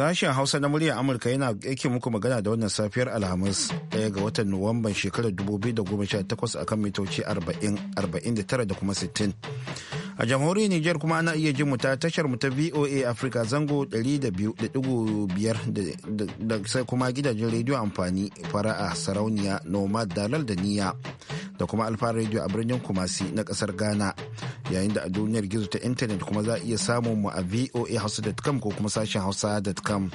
Sashen Hausa na muryar Amurka yana yake muku magana da wannan safiyar Alhamis ɗaya ga watan Nuwamban shekarar 2018 akan mitoci 40 49 da kuma 60. a jamhuriyar niger kuma ana iya jin mu ta tashar mu ta voa africa zango 200.5 da sai kuma gidajen rediyo amfani fara a sarauniya nomad dalal da niya da kuma alfa rediyo a birnin kumasi na kasar ghana yayin da a duniyar gizo ta intanet kuma za a iya samun mu a voa hausa.com ko kuma sashen hausa.com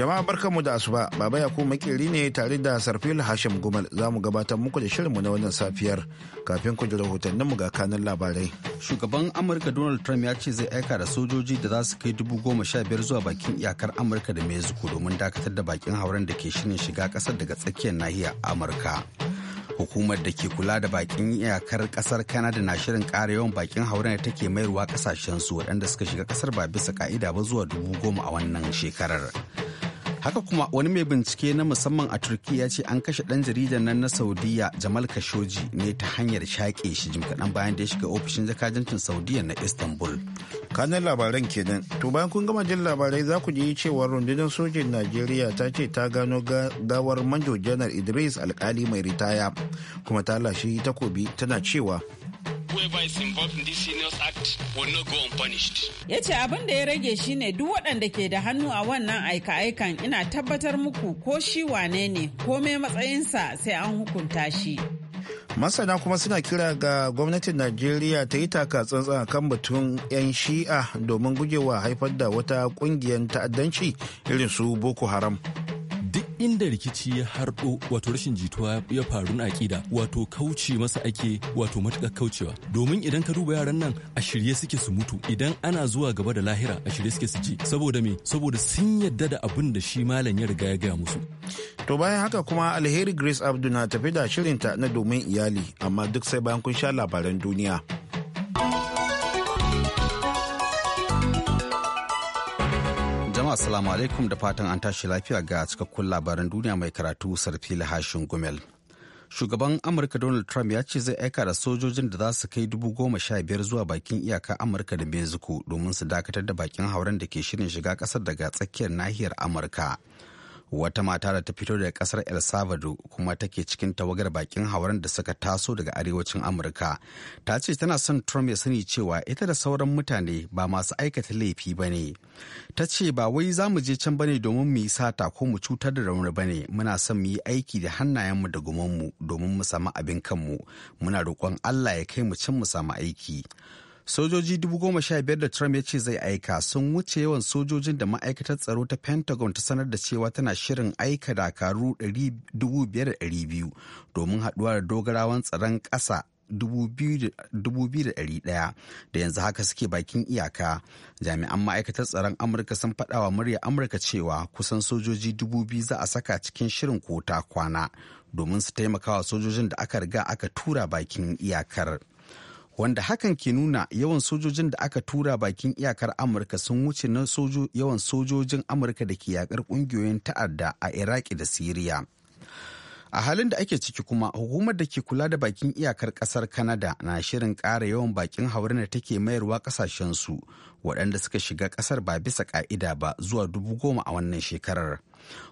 Jama'a barkanmu da asuba, Baba Yakubu makeri ne tare da Sarfil Hashim Gumal za mu gabatar muku da shirinmu na wannan safiyar kafin ku ji mu ga kanan labarai. Shugaban Amurka Donald Trump ya ce zai aika da sojoji da za su kai dubu goma sha biyar zuwa bakin iyakar Amurka da Mexico domin dakatar da bakin hauren da ke shirin shiga kasar daga tsakiyar nahiyar Amurka. Hukumar da ke kula da bakin iyakar kasar Canada na shirin kara yawan bakin hauren da take mayarwa kasashen su waɗanda suka shiga kasar ba bisa ka'ida ba zuwa dubu goma a wannan shekarar. haka kuma wani mai bincike na musamman a turkiya ce an kashe ɗan jaridan nan na saudiya jamal khashoggi ne ta hanyar shaƙe shi jim kaɗan bayan da ya shiga ofishin jakajancin saudiya na istanbul kanan labaran kenan to bayan kun gama jin labarai za ku ji cewa rundunar sojin najeriya ta ce ta gano gawar manjo janar idris alkali mai ritaya kuma ta lashe takobi tana cewa whoever is involved in this heinous act will not go unpunished. Ya ce abin da ya rage shi ne duk waɗanda ke da hannu a wannan aika-aikan ina tabbatar muku ko shi wane ne matsayin matsayinsa sai an hukunta shi. masana kuma suna kira ga gwamnatin najeriya ta yi taka tsantsan kan batun 'yan shi'a domin gujewa haifar da wata ƙungiyar ta'addanci irin su boko haram inda rikici ya harɗo wato rashin jituwa ya faru na aƙida wato kauce masa ake wato matuƙar kaucewa domin idan ka duba yaran nan a shirye suke su mutu idan ana zuwa gaba da lahira a shirye suke su ji saboda me saboda sun yadda da abin da shi malam ya riga ya gaya musu. To bayan haka kuma alheri Grace Abdu na tafi da shirinta na domin iyali amma duk sai bayan kun sha labaran duniya. jama'a assalamu alaikum da fatan an tashi lafiya ga cikakkun labaran duniya mai karatu sarfi Lahashin gumel shugaban amurka donald trump ya ce zai aika da sojojin da za su kai dubu goma sha biyar zuwa bakin iyaka amurka da mexico domin su dakatar da bakin hauren da ke shirin shiga kasar daga tsakiyar nahiyar amurka wata mata da ta fito daga kasar el salvador kuma take cikin tawagar bakin hauren da suka taso daga arewacin amurka ta ce tana son trump ya sani cewa ita da sauran mutane ba masu aikata laifi ba ne ta ce ba wai za mu je can bane domin mu yi sata ko mu cutar da rauni ne muna son mu yi aiki da hannayenmu da gumanmu domin mu samu abin kanmu muna roƙon allah ya kai mu can mu samu aiki sojoji dubu goma da trump ya ce zai aika sun wuce yawan sojojin da ma'aikatar tsaro ta pentagon ta sanar da cewa tana shirin aika dakaru 2,200 domin haɗuwa da dogarawan tsaron kasa 2,100 da yanzu haka suke bakin iyaka jami'an ma'aikatar tsaron amurka sun faɗawa murya amurka cewa kusan sojoji 2,000 za a saka cikin shirin kota kwana domin su taimakawa sojojin da aka riga aka tura bakin iyakar. wanda hakan ke nuna yawan sojojin da aka tura bakin iyakar amurka sun wuce na yawan sojojin amurka da ke yakar kungiyoyin ta'adda a iraki da siriya a halin da ake ciki kuma hukumar da ke kula da bakin iyakar kasar Kanada na shirin ƙara yawan bakin haurin da take mayarwa su waɗanda suka shiga ƙasar ba bisa ƙa'ida ba zuwa dubu goma a wannan shekarar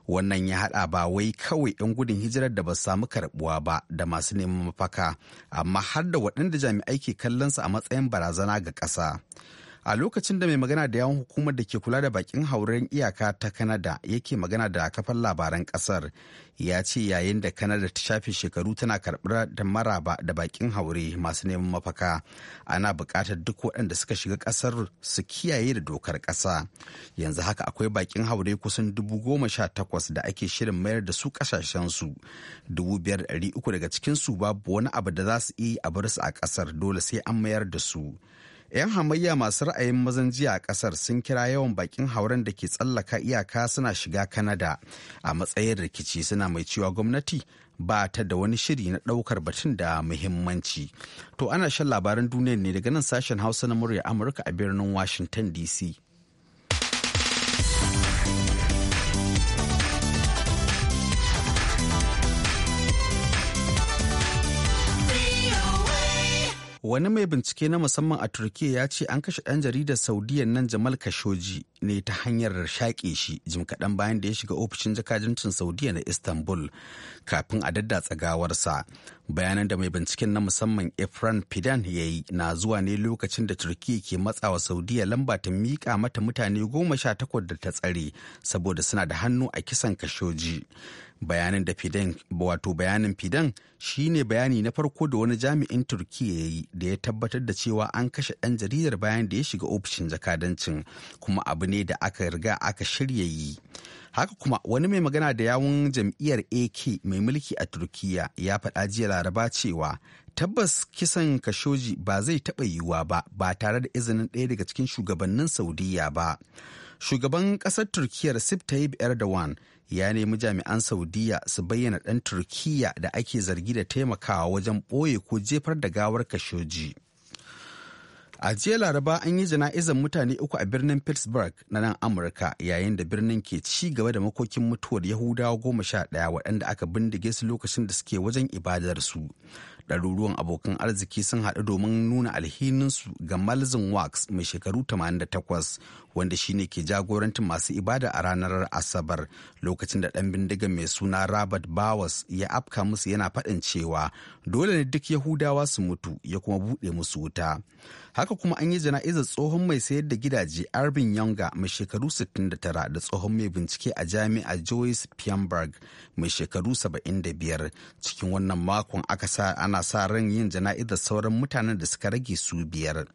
wannan ya haɗa ba wai kawai 'yan gudun hijirar da ba samu karɓuwa ba da masu neman mafaka amma har da waɗanda jami'ai ke kallonsu a matsayin barazana ga ƙasa a lokacin da mai magana da yawon hukumar da ke kula da bakin hauren iyaka ta kanada yake magana da kafar labaran kasar ya ce yayin da kanada ta shafe shekaru tana karɓar da maraba da bakin haure masu neman mafaka ana buƙatar duk waɗanda suka shiga ƙasar su kiyaye da dokar ƙasa yanzu haka akwai bakin haure kusan dubu goma sha takwas da ake shirin mayar da su ƙasashensu dubu biyar dari uku daga cikinsu babu wani abu da za su iya a bar su a ƙasar dole sai an mayar da su 'yan hamayya masu ra'ayin mazan jiya a kasar sun kira yawan bakin hauren da ke tsallaka iyaka suna shiga kanada a matsayin rikici suna mai cewa gwamnati ba ta da wani shiri na daukar batun da muhimmanci to ana shan labaran duniya ne daga nan sashen hausa na murya amurka a birnin washington dc Wani mai bincike na musamman a turkiya ya ce an kashe ɗan jaridar Saudiya nan Jamal kashoji ne ta hanyar shaƙe shi jim kaɗan bayan da ya shiga ofishin jakadancin Saudiya na Istanbul kafin a daddatsa gawarsa. bayanan da mai binciken na musamman efran fidan ya yi na zuwa ne lokacin da turkiya ke matsawa saudiya lamba ta miƙa mata mutane goma sha takwas da ta tsare saboda suna da hannu a kisan kashoji bayanin da fidan wato bayanin fidan shine bayani na farko da wani jami'in turkiya ya yi da ya tabbatar da cewa an kashe ɗan jaridar bayan da ya shiga ofishin jakadancin kuma abu ne da aka riga aka shirya yi haka kuma wani mai magana da yawun jam'iyyar ak mai mulki a turkiya ya faɗa jiya laraba cewa tabbas kisan kashoji ba zai taɓa yiwuwa ba ba tare da izinin ɗaya daga cikin shugabannin saudiya ba shugaban ƙasar turkiyar sip tayyip erdogan ya nemi jami'an saudiya su bayyana ɗan Turkiyya da ake zargi da taimakawa wajen ɓoye ko jefar da gawar kashoji. A jiya Laraba an yi jana'izar mutane uku a birnin Pittsburgh na nan Amurka yayin da birnin ke ci gaba da makokin mutuwar Yahudawa goma sha ɗaya waɗanda aka bindige su lokacin da suke wajen ibadarsu. Ɗaruruwan abokan arziki sun haɗu domin nuna alhininsu ga Malzin Wax mai shekaru 88 wanda shine ke jagorantar masu ibada a ranar Asabar lokacin da ɗan bindiga mai suna Robert Bowers ya afka musu yana faɗin cewa dole ne duk Yahudawa su mutu ya kuma buɗe musu wuta. haka kuma an yi jana'izar tsohon mai sayar da gidaje arbin yonga mai shekaru 69 da tsohon mai bincike a jami'a joyce piamberg mai shekaru 75 cikin wannan makon aka sa ana sa ran yin jana'izar sauran mutanen da suka rage su biyar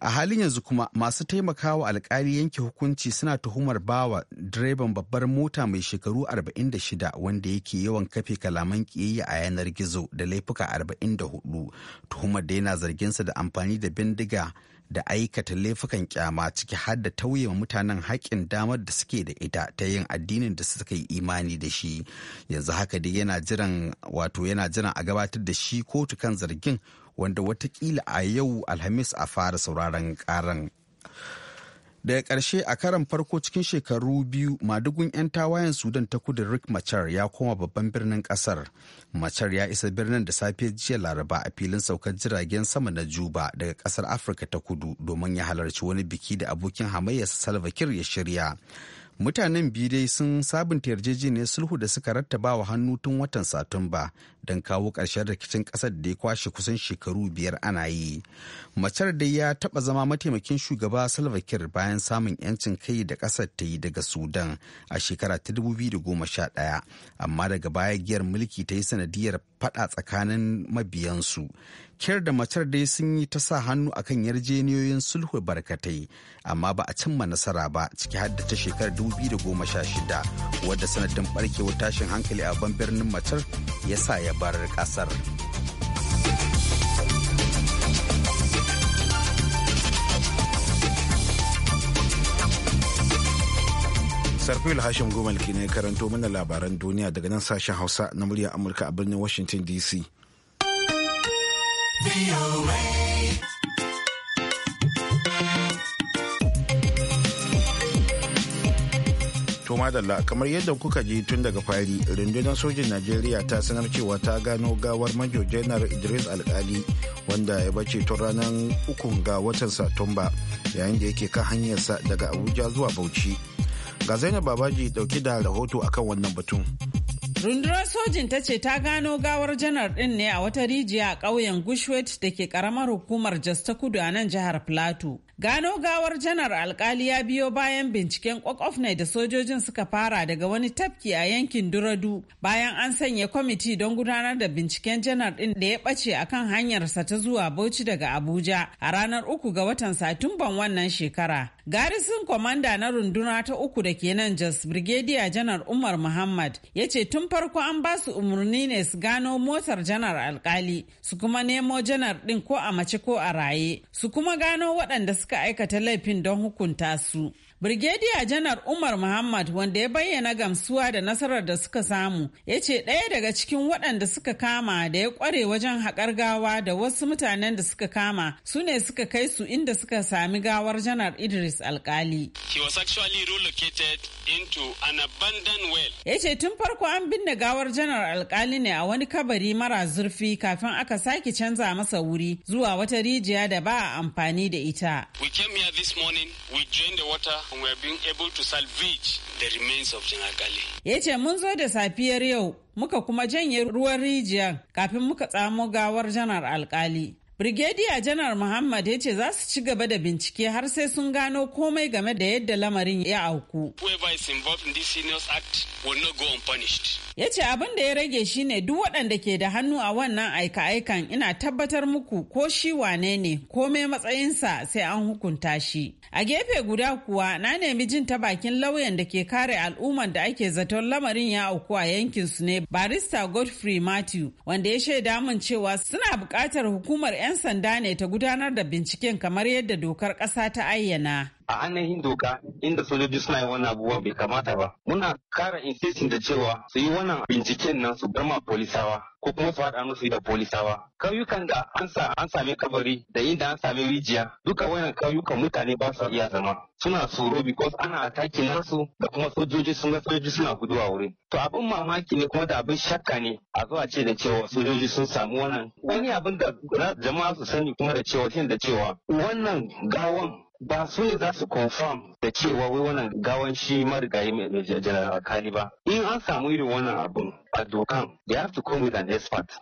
a halin yanzu kuma masu taimakawa alkali yanke hukunci suna tuhumar bawa direban babbar mota mai shekaru 46 wanda yake yawan kafe kalaman kiyayya a yanar gizo da laifuka 44 tuhumar da yana zarginsa da amfani da bindiga da aikata laifukan kyama ciki har da tauye mutanen haƙƙin damar da suke da ita ta yin addinin da suka yi imani da shi yanzu haka dai yana jiran wato yana jiran a gabatar da shi kotu kan zargin wanda watakila a yau alhamis a fara sauraron karan daga ƙarshe a karan farko cikin shekaru biyu madugun 'yan tawayen sudan ta kudu rick machar ya koma babban birnin ƙasar machar ya isa birnin da safe jiya laraba a filin saukar jiragen sama na juba daga ƙasar afirka ta kudu domin ya halarci wani biki da abokin hamayya salva kiir ya shirya mutanen biyu dai sun sabunta yarjejeniyar sulhu da suka rattaba wa hannu tun watan satumba don kawo ƙarshen rikicin ƙasar da ya kwashe kusan shekaru biyar ana yi macar dai ya taɓa zama mataimakin shugaba salva kiir bayan samun yancin kai da ƙasar ta yi daga sudan a shekara ta 2011 amma daga baya giyar mulki ta yi sanadiyar faɗa tsakanin mabiyansu. Kyar da matar dai sun yi ta sa hannu a kan yarjeniyoyin sulhu barkatai, amma ba a cimma nasara ba ciki hadda da ta shekarar 2016 wadda sanadin barkewar tashin hankali a ban birnin matar ya sa ya bar ƙasar. sarfil hashim gomal ne karanto mana labaran duniya daga nan sashen hausa na muryar amurka a birnin washington dc madalla kamar yadda kuka ji tun daga fari rundunar sojin najeriya ta sanar cewa ta gano gawar major janar idris alkali wanda ya bace tun ranar ukun ga watan satumba yayin da yake kan hanyarsa daga abuja zuwa bauchi Ga Zainab Babaji dauke da rahoto akan wannan batun. Rundunar sojin ta ce ta gano gawar janar din ne a wata rijiya a ƙauyen Gushwet da ke ƙaramar hukumar jas ta Kudu a nan jihar Plateau. Gano gawar janar alkali ya biyo bayan binciken kwakwafnai da sojojin suka fara daga wani tafki a yankin Duradu bayan an sanya kwamiti don gudanar da binciken janar din da ya ɓace a kan hanyarsa ta zuwa Bauchi daga Abuja a ranar uku ga watan Satumban wannan shekara. Garisin kwamanda na runduna ta uku da ke nan Jos Brigadier Janar Umar Muhammad ya ce tun farko an ba su umarni ne su gano motar janar alkali su kuma nemo janar din ko a mace ko a raye su kuma gano waɗanda suka aikata laifin don hukunta su. Brigadier Janar Umar Muhammad wanda ya bayyana gamsuwa da nasarar da suka samu ya ce ɗaya daga cikin waɗanda suka kama da ya ƙware wajen haƙar gawa da wasu mutanen da suka kama su ne suka kai su inda suka sami gawar Janar Idris Alkali. He was actually relocated into an abandoned well. Ya ce tun farko an binne gawar Janar Alkali ne a wani kabari mara zurfi kafin aka sake canza masa wuri zuwa wata rijiya da ba a amfani da ita. We came here this morning, we drained the water we been able to salvage Ya ce mun zo da safiyar yau muka kuma janye ruwan rijiyar kafin muka tsamo gawar janar alkali Brigadier Janar Muhammad ya ce za su ci gaba da bincike har sai sun gano komai game da yadda lamarin ya auku. Ya ce abin da ya rage shi ne duk waɗanda ke da hannu a wannan aika-aikan ina tabbatar muku ko shi wane ne komai matsayinsa sai an hukunta shi. A gefe guda kuwa na nemi jin ta bakin lauyan da ke kare al'ummar da ake zaton lamarin ya auku a yankinsu ne barista Godfrey Matthew wanda ya shaida min cewa suna buƙatar hukumar 'yan sanda ne ta gudanar da binciken kamar yadda dokar ƙasa ta ayyana a ainihin doka inda sojoji suna yin wannan abubuwa bai kamata ba muna kara insistin da cewa su yi wannan binciken nan su gama polisawa ko kuma su haɗa musu da polisawa kauyukan da an sa an kabari da inda an sami rijiya duka wannan kauyukan mutane ba su iya zama suna tsoro because ana ataki nasu da kuma sojoji sun ga sojoji suna guduwa wuri. to abin mamaki ne kuma da abin shakka ne a zuwa ce da cewa sojoji sun samu wannan wani abin da jama'a su sani kuma da cewa da cewa wannan gawan ba su ne za su confirm da cewa wai wannan gawan shi marigayi general alkali ba in an samu irin wannan abun A dokan they have to come with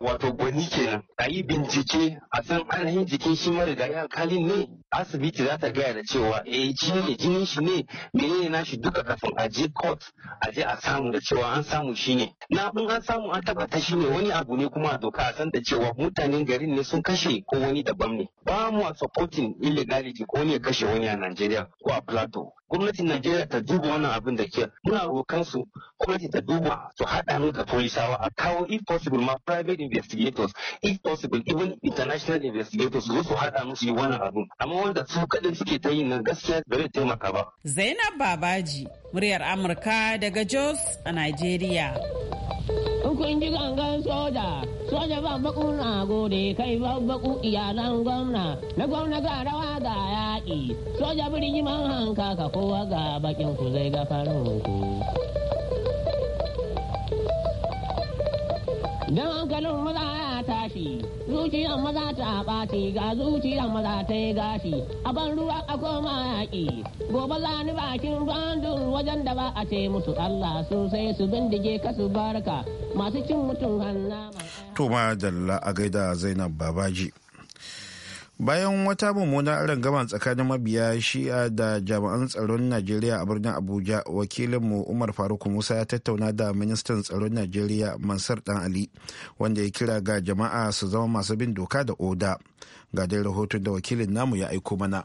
wato gwani kenan a yi bincike a san ainihin jikin shi marigayi alkalin ne asibiti za ta gaya da cewa eh shi ne jinin shi ne menene na shi duka kafin a je kot a je a samu da cewa an samu shi ne na in an samu an tabbata shi ne wani abu ne kuma a doka a san da cewa mutanen garin ne sun kashe ko wani daban ne ba mu a supporting illegality ko ne ya kashe wani a Najeriya ko a Plateau gwamnatin Najeriya ta duba wannan abin da ke muna rokan su gwamnati ta duba su haɗa mu da police a kawo if possible ma private investigators if possible even international investigators su su haɗa musu yi wannan abu I'm wanda su so suke ta yi na gaskiya gas zai taimaka ba. Zainab Babaji muryar Amurka daga Jos a Najeriya. Hukun ji gangan soja, soja ba baku na gode kai ba baku iyalan gwamna, na gwamna ga rawa ga yaƙi, soja birni man hanka ka kowa ga bakin ku zai gafarin ku. Don hankalin maza ya tashi, zuciyar maza ta ɓaci ga zuciyar maza ta yi gashi, a ban ruwa a koma yaƙi, gobe ni bakin bandun wajen da ba a ce musu Allah sosai su bindige ka su barka masu cin mutum hannu. To ma dalla a gaida Zainab Babaji. bayan wata mummunar rangama tsakanin mabiya shi'a da jami'an tsaron najeriya a birnin abuja wakilinmu umar faruk musa ya tattauna da ministan tsaron najeriya mansar dan ali wanda ya kira ga jama'a su zama masu bin doka da oda ga dai rahoton da wakilin namu ya aiko mana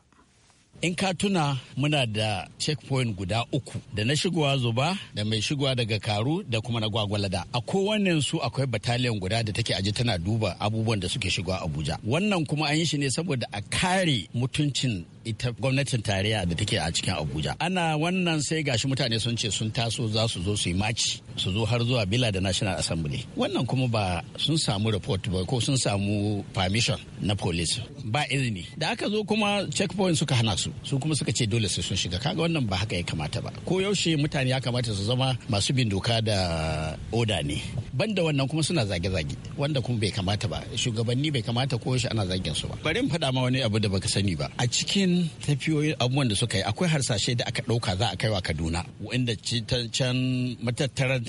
in ka tuna muna da checkpoint guda uku da na shigowa zuba da mai shigowa daga karu da kuma na gwagwalada a kowane su akwai bataliyan guda da take aji tana duba abubuwan da suke shigowa abuja wannan kuma an yi shi ne saboda a kare mutuncin ita gwamnatin tarayya da take a cikin abuja ana wannan sai gashi mutane sun ce sun taso za su zo su yi maci su zo har zuwa bila da national assembly wannan kuma ba sun samu report ba ko sun samu permission na police ba izini da aka zo kuma checkpoint suka hana su su su kuma suka ce dole su sun shiga kaga wannan ba haka ya kamata ba ko yaushe mutane ya kamata su zama masu bin doka da oda ne banda wannan kuma suna zage-zage wanda kuma bai kamata ba shugabanni bai kamata ko yaushe ana zagin su ba bari mu faɗa ma wani abu da baka sani ba a cikin tafiyoyin abubuwan da suka yi akwai harsashe da aka ɗauka za a kai wa Kaduna wanda can matattarar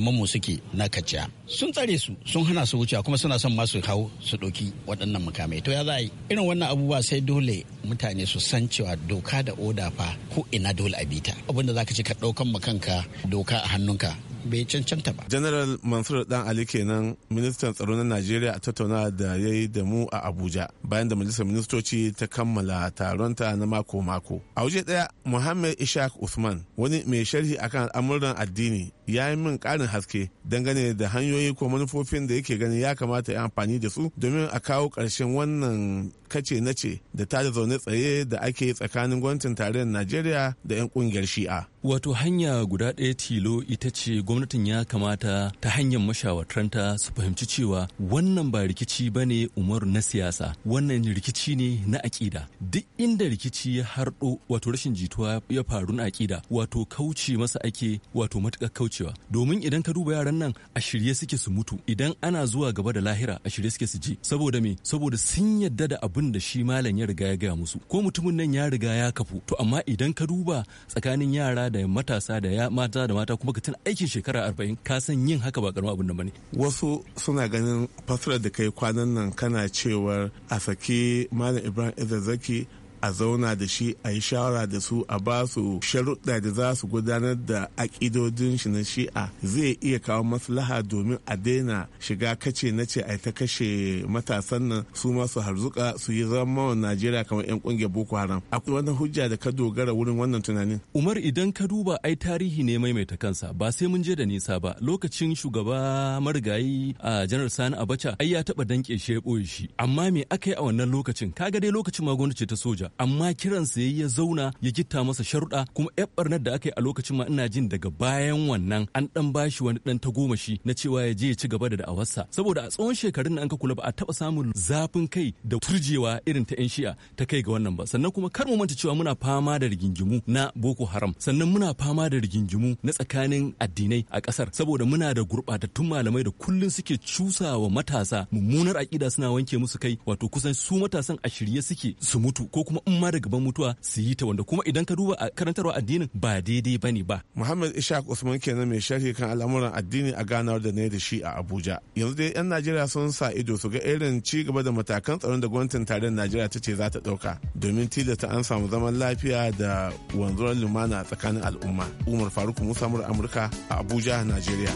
mu suke na kaciya sun tsare su sun hana su wucewa kuma suna son masu hau su ɗauki waɗannan mukamai to ya za a yi irin wannan abubuwa sai dole mutane su san cewa cewa doka da oda fa ko ina dole a bita abinda zaka ce ka daukan ma kanka doka a hannunka bai cancanta ba. General Mansur Dan Ali kenan ministan tsaro na Najeriya a tattauna da yayi da mu a Abuja bayan da majalisar ministoci ta kammala taron ta na mako-mako. A waje daya Muhammad Ishaq Usman wani mai sharhi akan al'amuran addini ya yi min karin haske dangane da hanyoyi ko manufofin da yake ganin ya kamata ya amfani da su domin a kawo ƙarshen wannan kace na ce da ta zaune tsaye da ake tsakanin gwamnatin tarayyar najeriya da 'yan kungiyar shi'a wato hanya guda ɗaya tilo ita ce gwamnatin ya kamata ta hanyar mashawartanta su fahimci cewa wannan ba rikici ba ne umaru na siyasa wannan rikici ne na aƙida duk inda rikici ya harɗo wato rashin jituwa ya faru na aƙida wato kauce masa ake wato matuƙar kaucewa domin idan ka duba yaran nan a shirye suke su mutu idan ana zuwa gaba da lahira a shirye suke su je saboda me saboda sun yadda da abin abin da shi malam ya riga ya gaya musu ko mutumin nan ya riga ya kafu to amma idan ka duba tsakanin yara da matasa da ya mata da mata kuma ka tana aikin shekara arba'in ka san yin haka ba karamin abin da bane wasu suna ganin fasirar da kai kwanan nan kana cewar a saki malam ibrahim izazaki a zauna da shi a yi shawara da su a ba su sharuɗa da za su gudanar da aƙidodin shi na shi'a zai iya kawo maslaha domin a daina shiga kace na ce a ta kashe matasan nan su masu harzuka su yi zama wa najeriya kamar 'yan ƙungiyar boko haram akwai wani hujja da ka dogara wurin wannan tunanin umar idan ka duba ai tarihi ne maimaita kansa ba sai mun je da nisa ba lokacin shugaba marigayi a janar sani abacha ai ya taɓa danke shi ya boye shi amma me aka yi a wannan lokacin kaga dai lokacin ma gwamnati ta soja amma kiran sa ya zauna ya gitta masa sharuɗa kuma yar barnar da aka yi a lokacin ma ina jin daga bayan wannan an dan bashi wani dan tagomashi na cewa ya je ya ci gaba da da'awarsa saboda a tsawon shekarun nan an ka kula ba a taba samun zafin kai da turjewa irin ta 'yan shi'a ta kai ga wannan ba sannan kuma kar mu manta cewa muna fama da rigingimu na boko haram sannan muna fama da rigingimu na tsakanin addinai a kasar saboda muna da gurbatattun malamai da kullun suke cusawa matasa mummunar aƙida suna wanke musu kai wato kusan su matasan a shirye suke su mutu ko kuma in ma da gaban mutuwa su yi ta wanda kuma idan ka duba a karantarwa addinin ba daidai ne ba Muhammad Ishaq Usman kenan mai sharhi kan al'amuran addini a ganawar da na da shi a Abuja yanzu dai yan Najeriya sun sa ido su ga irin ci gaba da matakan tsaron da gwamnatin tarayyar Najeriya ta ce za ta ɗauka domin tilasta an samu zaman lafiya da wanzuwar lumana tsakanin al'umma Umar Faruk Musa mur'a Amurka a Abuja Najeriya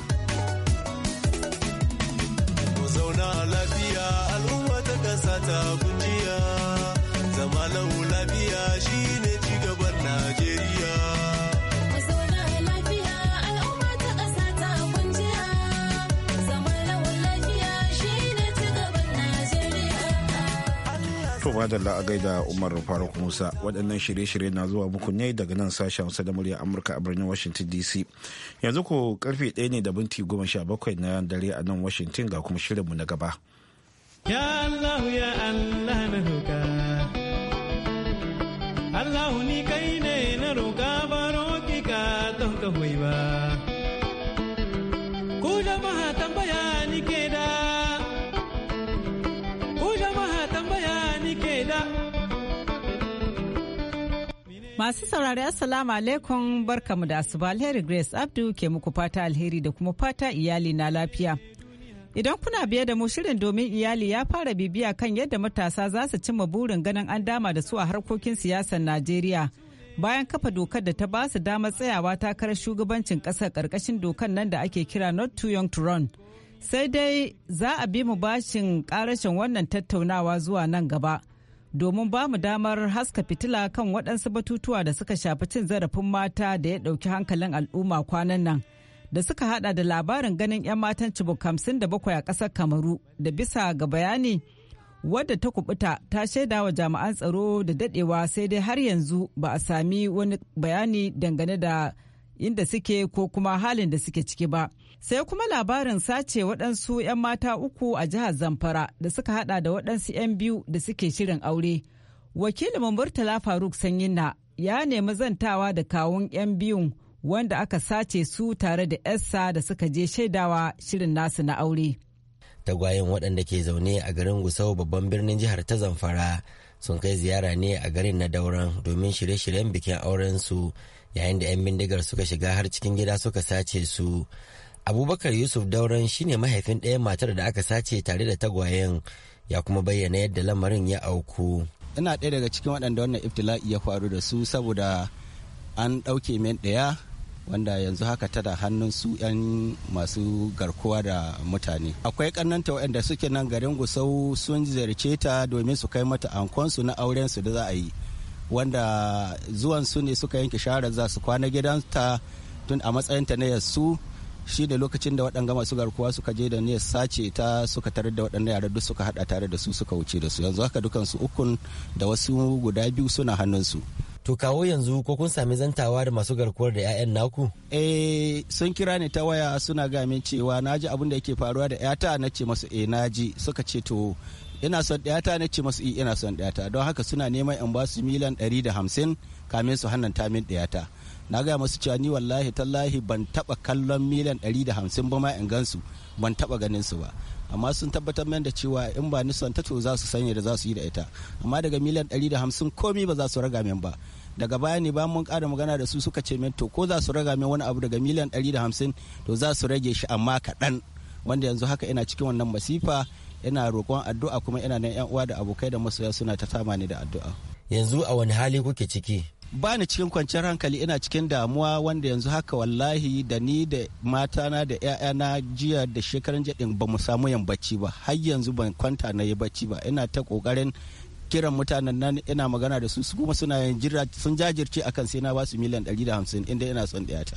zauna lafiya al'umma ta kasa ta kujiya zama To madalla a gaida Umar Faruk Musa waɗannan shirye-shirye na zuwa muku ne daga nan sashen Hausa da murya Amurka a birnin Washington DC. Yanzu ko karfe ɗaya ne da binti goma sha bakwai na dare a nan Washington ga kuma shirinmu na gaba. Ya Allah ni kai ne na baro ki Masu saurari Assalamu alaikum barkamu da ba alheri Grace Abdu ke muku fata alheri da kuma fata iyali na lafiya. Idan kuna biye da mu shirin domin iyali ya fara bibiya kan yadda matasa za su cimma burin ganin an dama da su a harkokin siyasar Najeriya. Bayan kafa dokar da ta ba su damar tsayawa takarar shugabancin ƙasar ƙarƙashin dokar nan da ake kira Not Too Young to Run. Sai dai za a bi mu bashin ƙarashin wannan tattaunawa zuwa nan gaba. domin ba mu damar haska fitila kan waɗansu batutuwa da suka shafi cin zarafin mata da ya ɗauki hankalin al'umma kwanan nan da suka hada da labarin ganin 'yan matan cibok 57 da bakwai a ƙasar kamaru da bisa ga bayani wadda ta kubuta ta shaida wa jami'an tsaro da dadewa sai dai har yanzu ba a sami wani bayani dangane da inda suke ko kuma halin da suke ciki ba. sai kuma labarin sace waɗansu 'yan mata uku a jihar zamfara da suka hada da waɗansu 'yan biyu da suke shirin aure wakilin murtala faruk sanyina ya nemi zantawa da kawun 'yan biyun wanda aka sace su tare da essa da suka je shaidawa shirin nasu na aure tagwayen waɗanda ke zaune a garin gusau babban birnin jihar ta zamfara sun kai ziyara ne a garin na dauran domin shirye-shiryen bikin aurensu yayin da 'yan bindigar suka shiga har cikin gida suka sace su abubakar yusuf dauran shine mahaifin ɗaya matar da aka sace tare da tagwayen ya kuma bayyana yadda lamarin ya auku ina ɗaya daga cikin waɗanda wannan iftila'i ya faru da su saboda an ɗauke min ɗaya wanda yanzu haka tada hannun su 'yan masu garkuwa da mutane akwai ƙannanta waɗanda suke nan garin gusau sun ziyarce ta domin su kai mata ankonsu na auren su da za a yi wanda zuwan su ne suka yanke shawarar za su kwana gidanta tun a matsayinta na yasu shi ne lokacin da waɗanga masu garkuwa suka je da niyyar sace ta suka tarar da waɗannan yaran duk suka haɗa tare da su suka wuce da su yanzu haka dukansu ukun da wasu guda biyu suna hannunsu to kawo yanzu ko kun sami zantawa da masu garkuwar da 'ya'yan naku eh sun kira ni ta waya suna ga min cewa naji abin da yake faruwa da 'yata na ce masu eh naji suka ce to ina son ɗayata na ce masu eh, ina son ɗayata don haka suna neman in ba su miliyan 150 kamin su hannanta min ɗayata na gaya masu cewa ni wallahi tallahi ban taba kallon miliyan hamsin ba ma in gansu ban taba ganin su ba amma sun tabbatar min da cewa in ba ni nisan tato za su sanya da za su yi da ita amma daga miliyan da hamsin komi ba za su raga min ba daga baya ne ba mun kara magana da su suka ce min to ko za su raga min wani abu daga miliyan da hamsin to za su rage shi amma kaɗan wanda yanzu haka ina cikin wannan masifa ina roƙon addu'a kuma ina nan yan uwa da abokai da masoya suna ta tama ni da addu'a yanzu a wani hali kuke ciki ba ni cikin kwanciyar hankali ina cikin damuwa wanda yanzu haka wallahi da ni da matana da 'ya'yana jiya da shekaran jadin ba mu samu yambaci bacci ba har yanzu ban kwanta na yi bacci ba ina ta kokarin kiran mutanen nan ina magana da su kuma suna yin jira sun jajirce akan sai na ba su miliyan 150 inda ina son ɗaya ta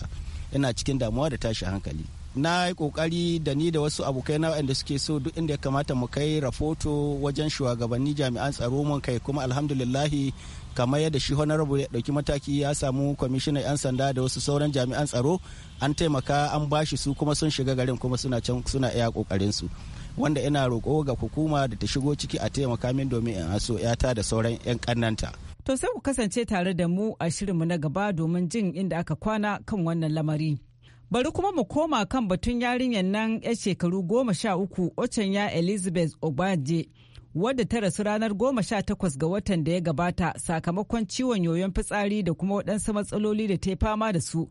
ina cikin damuwa da tashi hankali na yi kokari da ni da wasu abokai na waɗanda suke so duk inda ya kamata mu kai rahoto wajen shugabanni jami'an tsaro mun kai kuma alhamdulillahi kamar yadda shi honorable ya dauki mataki ya samu kwamishinan 'yan sanda da wasu sauran jami'an tsaro an taimaka an bashi su kuma sun shiga garin kuma suna can suna iya kokarin su wanda ina roƙo ga hukuma da ta shigo ciki a taimaka min domin in aso 'yata da sauran 'yan kannanta. To sai ku kasance tare da mu a shirinmu na gaba domin jin inda aka kwana kan wannan lamari. Bari kuma mu koma kan batun yarinyar nan 'yan shekaru goma sha uku ya Elizabeth obaje wadda ta rasu ranar goma sha takwas ga watan da ya gabata sakamakon ciwon yoyon fitsari da kuma waɗansu matsaloli da ta yi fama da su.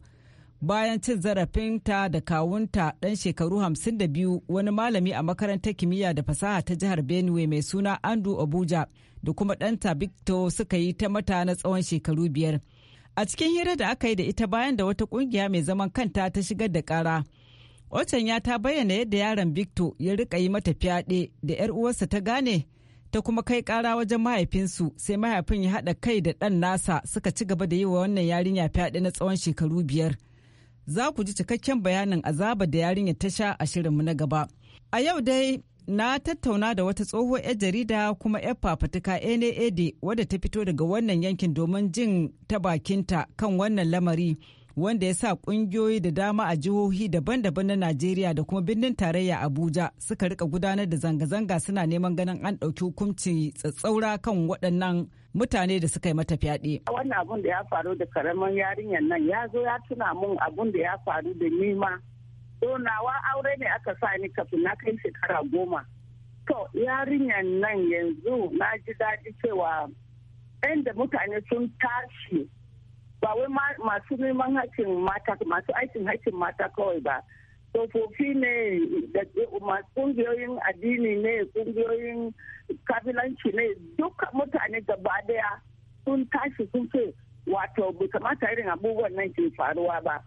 Bayan cin zarafinta da kawunta ɗan shekaru hamsin da biyu wani malami a makarantar kimiyya da fasaha ta jihar Benue mai suna Andrew Abuja da kuma ɗanta Victor suka yi ta mata na tsawon shekaru biyar. a cikin hira da aka yi da ita bayan da wata kungiya mai zaman kanta ta shigar da kara ya ta bayyana yadda yaron victor ya rika yi mata fyaɗe da 'yar uwarsa ta gane ta kuma kai kara wajen mahaifinsu sai mahaifin ya haɗa kai da ɗan nasa suka ci gaba da yi wa wannan yarinya fyaɗe na tsawon shekaru biyar za ku ji cikakken bayanin azaba da yarinya ta sha a shirinmu na gaba a yau dai na tattauna da wata tsohuwar 'yar jarida kuma 'yar fafatuka NAAD wadda ta fito daga wannan yankin domin jin ta bakinta kan wannan lamari wanda ya sa kungiyoyi da dama a jihohi daban-daban na Najeriya da kuma birnin tarayya Abuja suka rika gudanar da zanga-zanga suna neman ganin an ɗauki hukunci tsatsaura kan waɗannan mutane da suka yi mata fyaɗe. Wannan abun da ya faru da karamin yarinyar nan ya zo ya tuna mun abun da ya faru da nima to nawa aure ne aka sa ni kafin na kai shekara goma to yarinyar nan yanzu na ji daɗi cewa inda mutane sun tashi ba wai masu neman haƙƙin mata masu aikin haƙƙin mata kawai ba tsofaffi ne da kungiyoyin addini ne kungiyoyin kabilanci ne duka mutane gaba daya sun tashi sun ce wato bai kamata irin abubuwan nan ke faruwa ba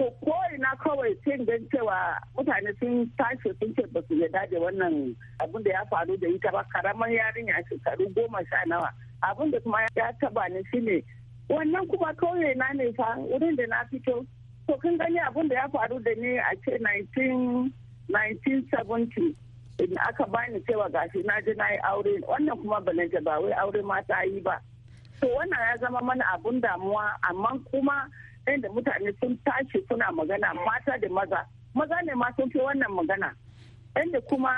to ko ina kawai sai gan cewa mutane sun tashi sun ce ba su yarda da wannan abin da ya faru da ita ba karamar yarinya shekaru goma sha nawa abin da kuma ya taba ni shine wannan kuma kawai na ne fa wurin da na fito to kun gani abin da ya faru da ni a ce 1970 in aka bani cewa gashi na ji na yi aure wannan kuma balanta ba wai aure mata yi ba to wannan ya zama mana abun damuwa amma kuma da mutane sun tashi suna magana mata da maza maza ne ma sun fi wannan magana inda kuma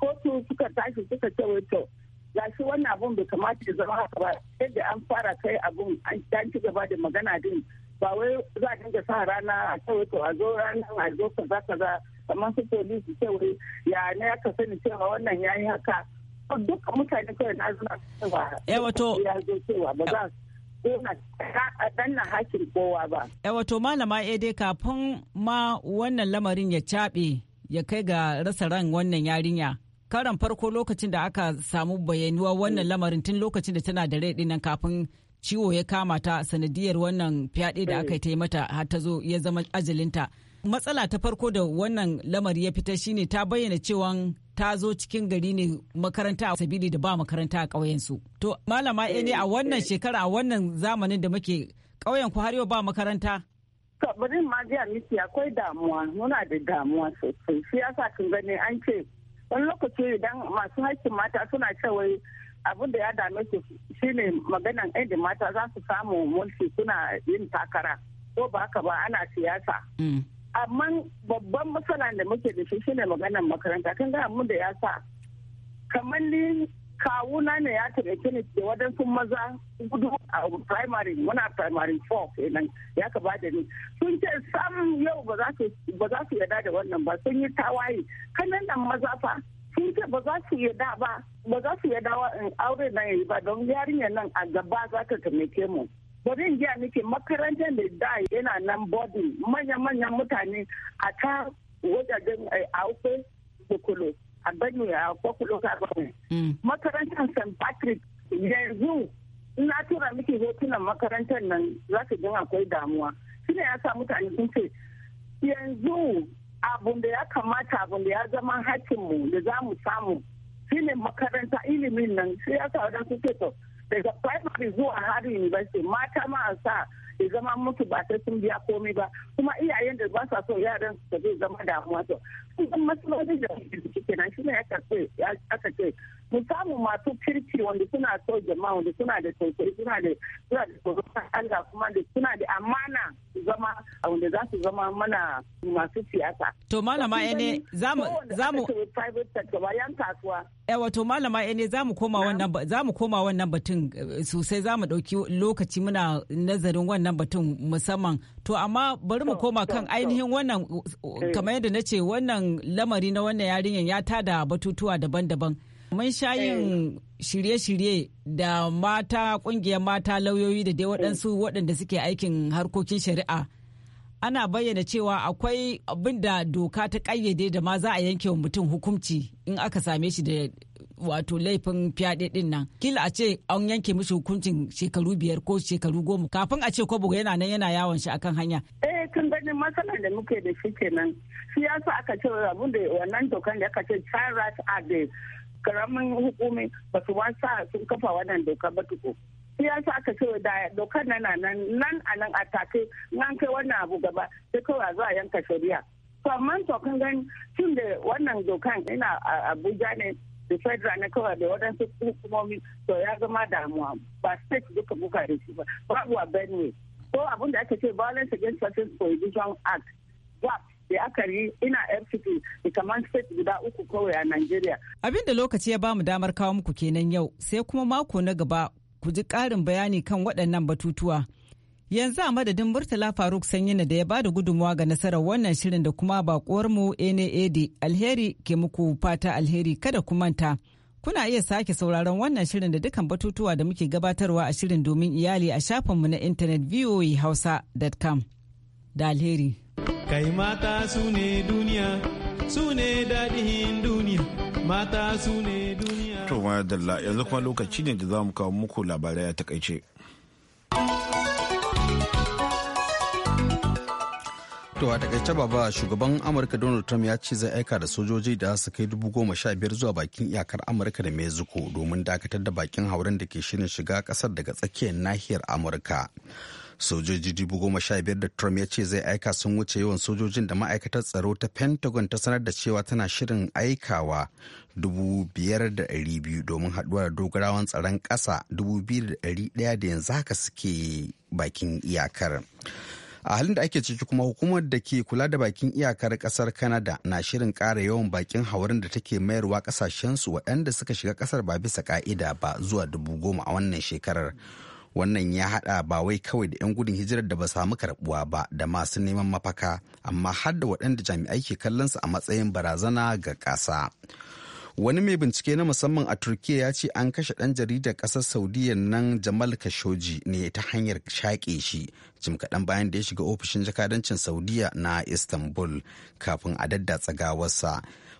kotu suka tashi suka ce to ga shi wannan abun bai kamata ya zama haka ba yadda an fara kai abun an ci gaba da magana din ba wai za a dinga sa rana a ce wato a zo rana a zo kaza kaza kamar su polisi ce wai ya ne aka sani cewa wannan ya yi haka duk mutane kawai na zuna cewa eh, ya wato ba za su danna hakin kowa ba. Eh, wato malama eh, dai kafin ma wannan lamarin ya caɓe ya kai ga rasa ran wannan yarinya. Karan farko lokacin da aka samu bayanuwa wannan lamarin tun lokacin da tana da rai dinnan kafin ciwo ya kama ta sanadiyar wannan fyaɗe da aka yi mata har ta zo ya zama ajalinta. Matsala ta farko da wannan lamari ya fita shine ta bayyana cewa ta zo cikin gari ne makaranta a sabili da ba makaranta a ƙauyensu. To malama ne a wannan shekara a wannan zamanin da muke ƙauyen ku har yau ba makaranta? To ma ji a miki akwai damuwa muna da damuwa sosai shi yasa kin gani an ce wani lokaci idan masu haƙƙin mata suna cewa abin da ya dame su shine maganan inda mata za su samu mulki suna yin takara ko ba haka ba ana siyasa. Mm. amma babban matsala da muke da shi shine maganar makaranta kan ga mun da ya sa kamar ni kawuna ne ya taɓa ni da wadansu maza gudu a primary muna primary four kenan ya ka ba ni sun ce sam yau ba za su yada da wannan ba sun yi tawaye kanan nan maza fa sun ce ba za su yada ba ba za su yada wa aure nan yayi ba don yarinyar nan a gaba za ta taimake mu bari gaya miki makarantar da da yana nan bodi manya-manyan mutane a ta wajajen auke eh, da kulo a bani a kwakwalo mm. makarantar st patrick yanzu ina tura miki hotunan makarantar nan za ka jin akwai damuwa shine ya sa mutane sun ce yanzu abun da ya kamata abun da ya zama hakkinmu da za mu samu shine makaranta ilimin nan sai ya sa wadansu ce to daga primary zuwa har university mata ma a sa ya zama mutu ba ta sun biya komai ba kuma iyayen da ba sa so yaran su zai zama damuwa to sun masu lokacin da suke kenan shi ne aka ce mu samu masu kirki wanda suna so jama'a wanda suna da tausayi suna da suna da tsoron Allah kuma da suna da amana zama wanda za su zama mana masu siyasa. To malama ene za mu za mu yan kasuwa. Yawa to malama ene za mu koma wannan za mu koma wannan batun eh, sosai za mu dauki lokaci muna nazarin wannan batun musamman to amma bari mu koma kan ainihin wannan eh. kamar yadda na ce wannan lamari na wannan yarinyan ya tada batutuwa daban-daban. mun sha eh. yin shirye-shirye da mata kungiyar mata lauyoyi da dai waɗansu eh. waɗanda suke aikin harkokin shari'a ana bayyana cewa akwai abin da doka ta ƙayyade da ma za a yanke wa mutum hukunci in aka same shi da wato laifin fyaɗe ɗin nan kila a ce an yanke mishi hukuncin shekaru biyar ko shekaru goma kafin a ce kwabo yana nan yana yawon shi akan hanya. eh tun ganin matsalar da muke da shi kenan shi aka ce abin da wannan dokan da aka ce child rights act karamin hukumi ba su wasa sun kafa wannan doka ba tuko shi ya sa aka ce da dokar nan nan nan a nan a take nan kai wannan abu gaba sai kawai zuwa yanka shari'a to amma to kan gani tun da wannan dokan ina abuja ne da federal na kawai da wadansu hukumomi to ya zama damuwa ba state duka buka da shi ba babu a benue ko abin da aka ce violence against persons prohibition act wap yi ina yar da kamar state guda uku kawai a Najeriya. Abin da lokaci ya bamu damar kawo muku kenan yau sai kuma mako na gaba ku ji karin bayani kan waɗannan batutuwa. Yanzu a madadin Murtala Faruk Sanyina da ya bada gudunmawa ga nasarar wannan shirin da kuma bakuwarmu NAAD alheri ke muku fata alheri kada ku manta. Kuna iya sake sauraron wannan shirin da dukkan batutuwa da muke gabatarwa a shirin domin iyali a shafinmu na intanet voahausa.com da alheri. kai mata su ne duniya su ne daɗin duniya mata su ne duniya to madalla yanzu kuma lokaci ne da zamu kawo muku labarai a takaice To a takaice baba shugaban Amurka Donald Trump ya ce zai aika da sojoji da su kai dubu goma sha biyar zuwa bakin iyakar Amurka da Mexico domin dakatar da bakin hauren da ke shirin shiga kasar daga tsakiyar nahiyar Amurka. sojoji dubu goma sha biyar da trump ya ce zai aika sun wuce yawan sojojin da ma'aikatar tsaro ta pentagon ta sanar da cewa tana shirin aikawa dubu biyar domin haɗuwa da dogarawan tsaron ƙasa dubu da ɗaya da yanzu haka suke bakin iyakar a halin da ake ciki kuma hukumar da ke kula da bakin iyakar kasar canada na shirin ƙara yawan bakin haurin da take mayarwa kasashensu waɗanda suka shiga kasar ba bisa ka'ida ba zuwa dubu goma a wannan shekarar wannan ya hada ba wai kawai da 'yan gudun hijirar da ba samu karbuwa ba da masu neman mafaka amma har da waɗanda jami'ai ke kallon su a matsayin barazana ga ƙasa wani mai bincike na musamman a turkiya ya ce an kashe ɗan jaridar ƙasar saudiya nan jamal khashoggi ne ta hanyar shaƙe shi jim kaɗan bayan da ya shiga ofishin jakadancin saudiya na istanbul kafin a daddatsa gawarsa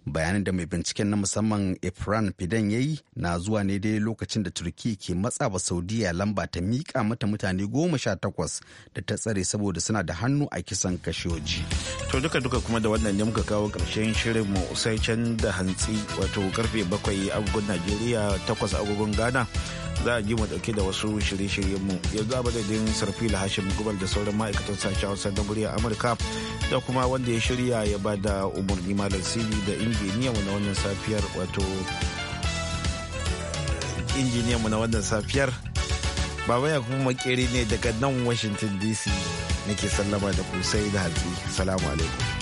bayanin da mai binciken na musamman ifran fidan ya yi na zuwa ne dai lokacin da turki ke matsa saudiyya saudiya lamba ta miƙa mata mutane goma sha takwas da ta tsare saboda suna da hannu a kisan kashoji to duka duka kuma da wannan ne muka kawo ƙarshen shirin mu sai can da hantsi wato karfe bakwai agogon najeriya takwas agogon ghana za a ji mu dauke da wasu shirye-shiryen mu yanzu a madadin sarfila hashim gubal da sauran ma'aikatan sashen hausa na murya amurka da kuma wanda ya shirya ya ba da umarni malam Sidi da injiniyanmu na wannan safiyar wato injiniyanmu na wannan safiyar baba ya kuma makeri ne daga nan washington dc nake sallama da ku sai da hatsi salamu alaikum